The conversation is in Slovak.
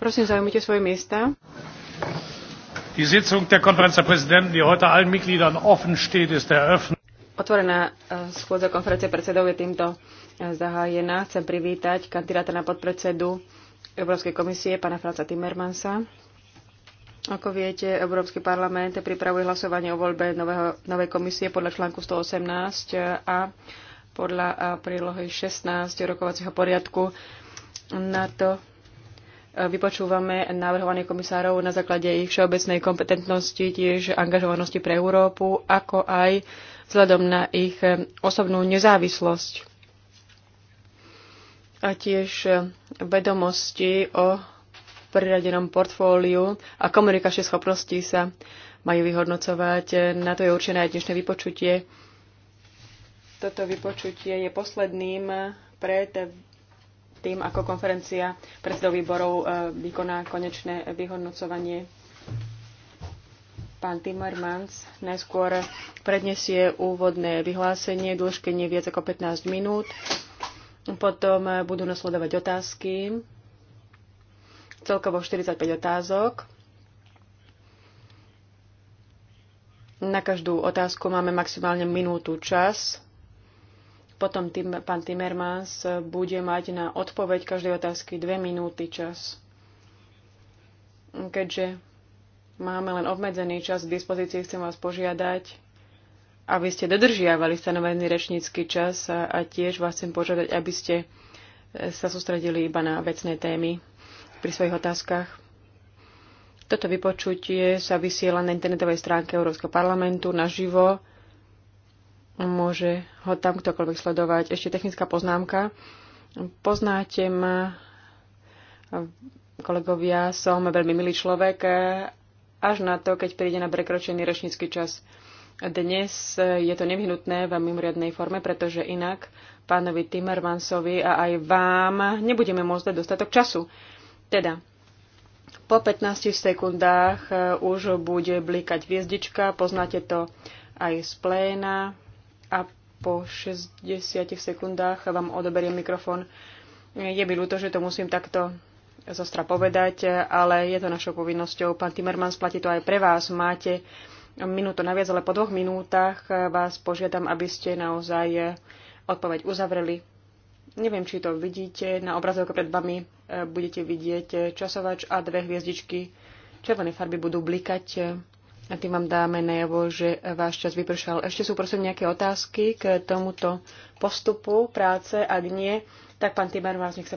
Prosím, zaujmite svoje miesta. Die Sitzung der Konferenz der Präsidenten, die heute allen Mitgliedern offen steht, ist eröffnet. Otvorená eh, schôdza konferencie predsedov je týmto eh, zahájená. Chcem privítať kandidáta na podpredsedu Európskej komisie, pána Franca Timmermansa. Ako viete, Európsky parlament pripravuje hlasovanie o voľbe nového, novej komisie podľa článku 118 eh, a podľa prílohy 16 rokovacieho poriadku. Na to vypočúvame navrhovaných komisárov na základe ich všeobecnej kompetentnosti, tiež angažovanosti pre Európu, ako aj vzhľadom na ich e, osobnú nezávislosť a tiež e, vedomosti o priradenom portfóliu a komunikačné schopnosti sa majú vyhodnocovať. E, na to je určené aj dnešné vypočutie. Toto vypočutie je posledným pred tým, ako konferencia predsedov výborov e, vykoná konečné vyhodnocovanie. Pán Timmermans najskôr predniesie úvodné vyhlásenie, dĺžke nie viac ako 15 minút. Potom e, budú nasledovať otázky, celkovo 45 otázok. Na každú otázku máme maximálne minútu čas. Potom tým, pán Timmermans bude mať na odpoveď každej otázky dve minúty čas. Keďže máme len obmedzený čas k dispozícii, chcem vás požiadať, aby ste dodržiavali stanovený rečnícky čas a, a tiež vás chcem požiadať, aby ste e, sa sústredili iba na vecné témy pri svojich otázkach. Toto vypočutie sa vysiela na internetovej stránke Európskeho parlamentu naživo. živo môže ho tam ktokoľvek sledovať. Ešte technická poznámka. Poznáte ma, kolegovia, som veľmi milý človek, až na to, keď príde na prekročený rečnícky čas. Dnes je to nevyhnutné v mimoriadnej forme, pretože inak pánovi Timmermansovi a aj vám nebudeme môcť dať dostatok času. Teda, po 15 sekundách už bude blikať hviezdička, poznáte to aj z pléna a po 60 sekundách vám odoberiem mikrofón. Je mi ľúto, že to musím takto zostra povedať, ale je to našou povinnosťou. Pán Timmermans, platí to aj pre vás. Máte minútu naviac, ale po dvoch minútach vás požiadam, aby ste naozaj odpoveď uzavreli. Neviem, či to vidíte. Na obrazovke pred vami e, budete vidieť časovač a dve hviezdičky. Červené farby budú blikať a tým vám dáme najavo, že váš čas vypršal. Ešte sú prosím nejaké otázky k tomuto postupu práce? Ak nie, tak pán Timar vás nech sa